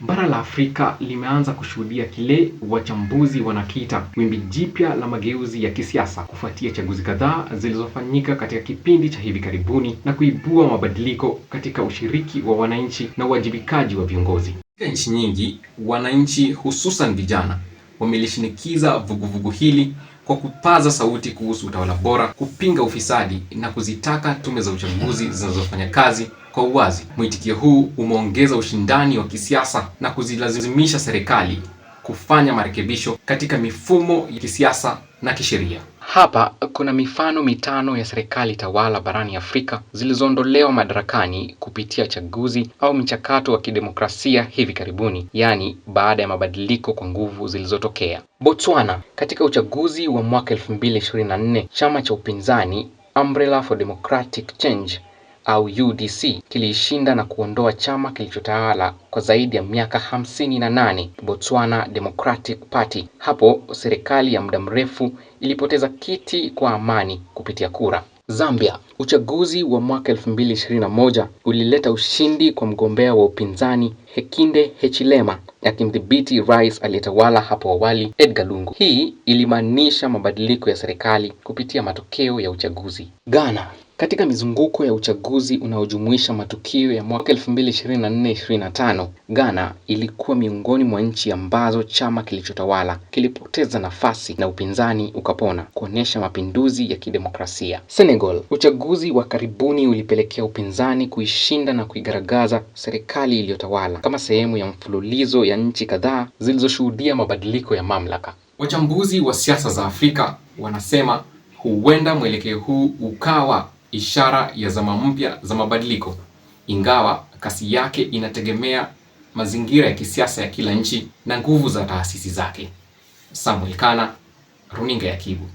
Bara la Afrika limeanza kushuhudia kile wachambuzi wanakiita wimbi jipya la mageuzi ya kisiasa kufuatia chaguzi kadhaa zilizofanyika katika kipindi cha hivi karibuni na kuibua mabadiliko katika ushiriki wa wananchi na uwajibikaji wa viongozi. Katika nchi nyingi, wananchi hususan vijana wamelishinikiza vuguvugu hili kwa kupaza sauti kuhusu utawala bora, kupinga ufisadi na kuzitaka tume za uchaguzi zinazofanya kazi kwa uwazi. Mwitikio huu umeongeza ushindani wa kisiasa na kuzilazimisha serikali kufanya marekebisho katika mifumo ya kisiasa na kisheria. Hapa kuna mifano mitano ya serikali tawala barani Afrika zilizoondolewa madarakani kupitia chaguzi au mchakato wa kidemokrasia hivi karibuni, yaani baada ya mabadiliko kwa nguvu zilizotokea. Botswana, katika uchaguzi wa mwaka 2024, chama cha upinzani Umbrella for Democratic Change au UDC kiliishinda na kuondoa chama kilichotawala kwa zaidi ya miaka hamsini na nane, Botswana Democratic Party. Hapo serikali ya muda mrefu ilipoteza kiti kwa amani kupitia kura. Zambia. Uchaguzi wa mwaka 2021 ulileta ushindi kwa mgombea wa upinzani Hekinde Hichilema akimdhibiti rais aliyetawala hapo awali Edgar Lungu. Hii ilimaanisha mabadiliko ya serikali kupitia matokeo ya uchaguzi. Ghana. Katika mizunguko ya uchaguzi unaojumuisha matukio ya mwaka 2024-2025, Ghana ilikuwa miongoni mwa nchi ambazo chama kilichotawala kilipoteza nafasi na upinzani ukapona, kuonyesha mapinduzi ya kidemokrasia. Senegal, uchaguzi wa karibuni ulipelekea upinzani kuishinda na kuigaragaza serikali iliyotawala kama sehemu ya mfululizo ya nchi kadhaa zilizoshuhudia mabadiliko ya mamlaka. Wachambuzi wa siasa za Afrika wanasema huenda mwelekeo huu ukawa ishara ya zama mpya za mabadiliko, ingawa kasi yake inategemea mazingira ya kisiasa ya kila nchi na nguvu za taasisi zake. Samuel Kana, Runinga ya Kibu.